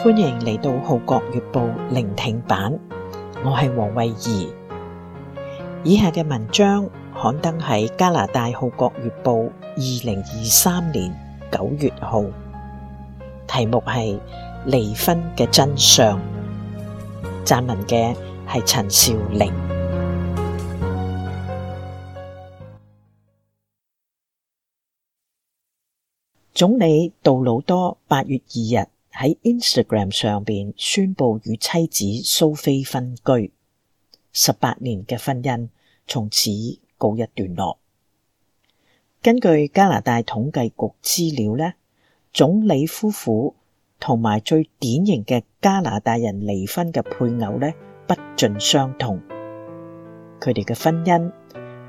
歡迎嚟到《浩國月報》聆聽版，我係王慧儀。以下嘅文章刊登喺加拿大《浩國月報》二零二三年九月號，題目係《離婚嘅真相》，撰文嘅係陳少玲。總理杜魯多八月二日喺 Instagram 上邊宣布與妻子蘇菲分居，十八年嘅婚姻從此告一段落。根據加拿大統計局資料咧，總理夫婦同埋最典型嘅加拿大人離婚嘅配偶不盡相同，佢哋嘅婚姻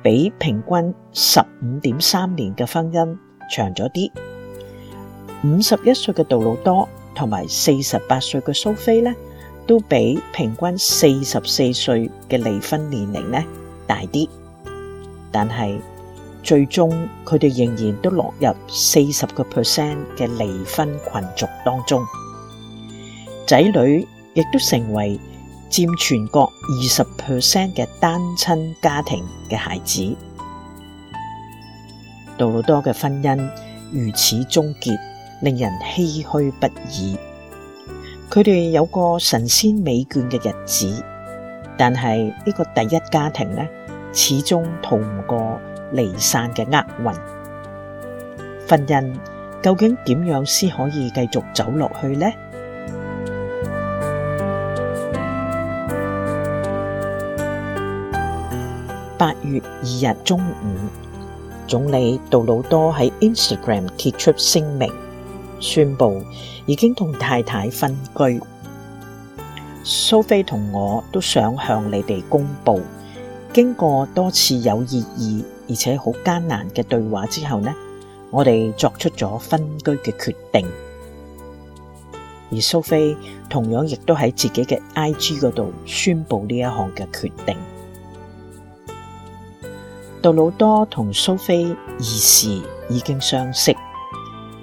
比平均十五點三年嘅婚姻長咗啲。五十一歲嘅杜魯多同埋四十八歲嘅蘇菲呢，都比平均四十四歲嘅離婚年齡呢大啲，但係最終佢哋仍然都落入四十個 percent 嘅離婚群族當中，仔女亦都成為佔全國二十 percent 嘅單親家庭嘅孩子。杜魯多嘅婚姻如此終結。令人唏嘘不已。佢哋有過神仙美眷嘅日子，但係呢個第一家庭呢，始終逃唔過離散嘅厄運。婚姻究竟點樣先可以繼續走落去呢？八月二日中午，總理杜魯多喺 Instagram 貼出聲明。宣佈已經同太太分居。蘇菲同我都想向你哋公佈，經過多次有意義、而且好艱難嘅對話之後呢，我哋作出咗分居嘅決定。而蘇菲同樣亦都喺自己嘅 IG 嗰度宣佈呢一項嘅決定。杜魯多同蘇菲兒時已經相識。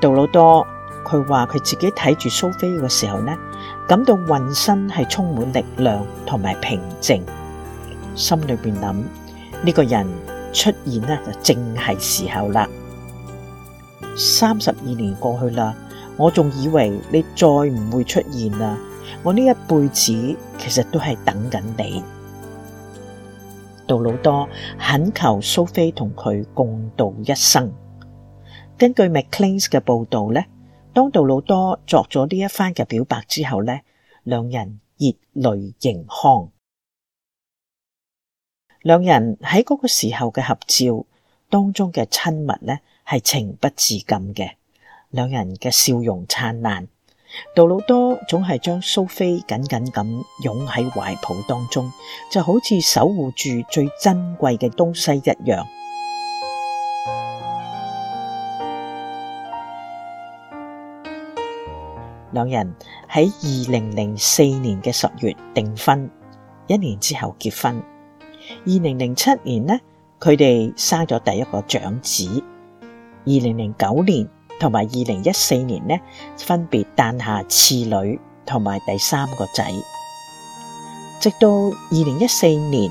杜魯多佢話佢自己睇住蘇菲嘅時候呢，感到渾身係充滿力量同埋平靜，心裏邊諗呢個人出現呢就正係時候啦。三十二年過去啦，我仲以為你再唔會出現啦，我呢一輩子其實都係等緊你。杜魯多懇求蘇菲同佢共度一生。根據 McClane 嘅報導呢，當杜魯多作咗呢一番嘅表白之後呢，兩人熱淚盈眶。兩人喺嗰個時候嘅合照當中嘅親密呢，係情不自禁嘅。兩人嘅笑容燦爛，杜魯多總係將蘇菲緊緊咁擁喺懷抱當中，就好似守護住最珍貴嘅東西一樣。兩人喺二零零四年嘅十月訂婚，一年之後結婚。二零零七年呢，佢哋生咗第一個長子。二零零九年同埋二零一四年呢，分別誕下次女同埋第三個仔。直到二零一四年。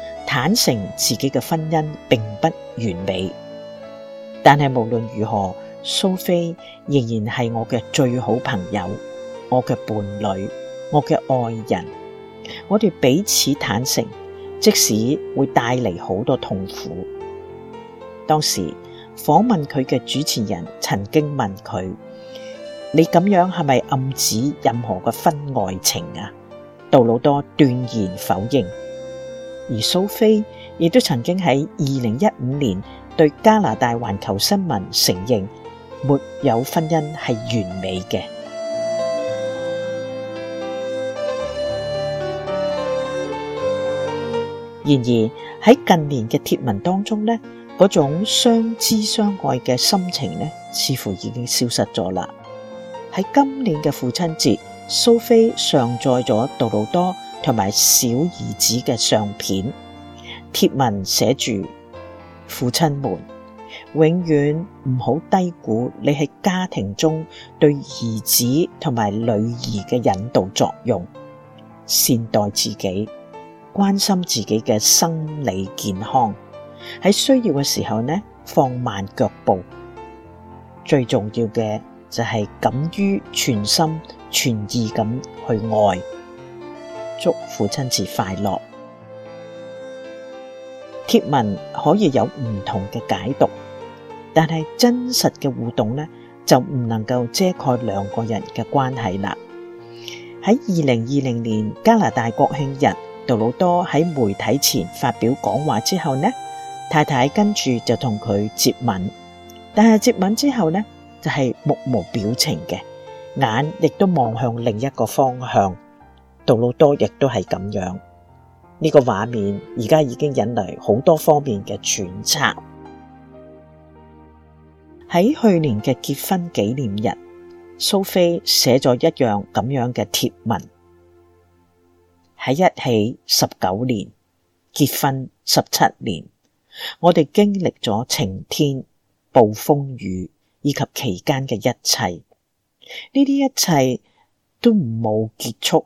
坦誠自己嘅婚姻並不完美，但係無論如何，蘇菲仍然係我嘅最好朋友、我嘅伴侶、我嘅愛人。我哋彼此坦誠，即使會帶嚟好多痛苦。當時訪問佢嘅主持人曾經問佢：你咁樣係咪暗指任何嘅婚外情啊？杜魯多斷然否認。而蘇菲亦都曾經喺二零一五年對加拿大環球新聞承認，沒有婚姻係完美嘅。然而喺近年嘅貼文當中呢，嗰種相知相愛嘅心情呢，似乎已經消失咗啦。喺今年嘅父親節，蘇菲上載咗杜魯多同埋小兒子嘅相片，貼文寫住：父親們永遠唔好低估你喺家庭中對兒子同埋女兒嘅引導作用。善待自己，關心自己嘅生理健康，喺需要嘅時候呢，放慢腳步。最重要嘅就係敢於全心全意咁去愛。祝父親節快樂。貼文可以有唔同嘅解讀，但係真實嘅互動呢，就唔能夠遮蓋兩個人嘅關係啦。喺二零二零年加拿大國慶日，杜魯多喺媒體前發表講話之後呢，太太跟住就同佢接吻，但係接吻之後呢，就係目無表情嘅，眼亦都望向另一個方向。杜魯多亦都係咁樣，呢個畫面而家已經引來好多方面嘅揣測。喺去年嘅結婚紀念日，蘇菲寫咗一樣咁樣嘅貼文：喺一起十九年，結婚十七年，我哋經歷咗晴天、暴風雨以及期間嘅一切，呢啲一切都冇結束。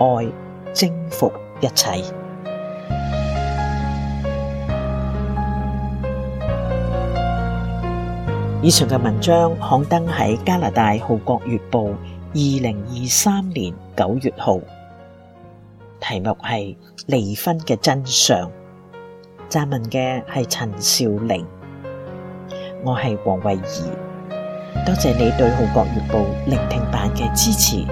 愛征服一切。以上嘅文章刊登喺加拿大《浩國月報》二零二三年九月號，題目係離婚嘅真相。撰文嘅係陳少玲，我係黃慧儀。多謝你對《浩國月報》聆聽版嘅支持。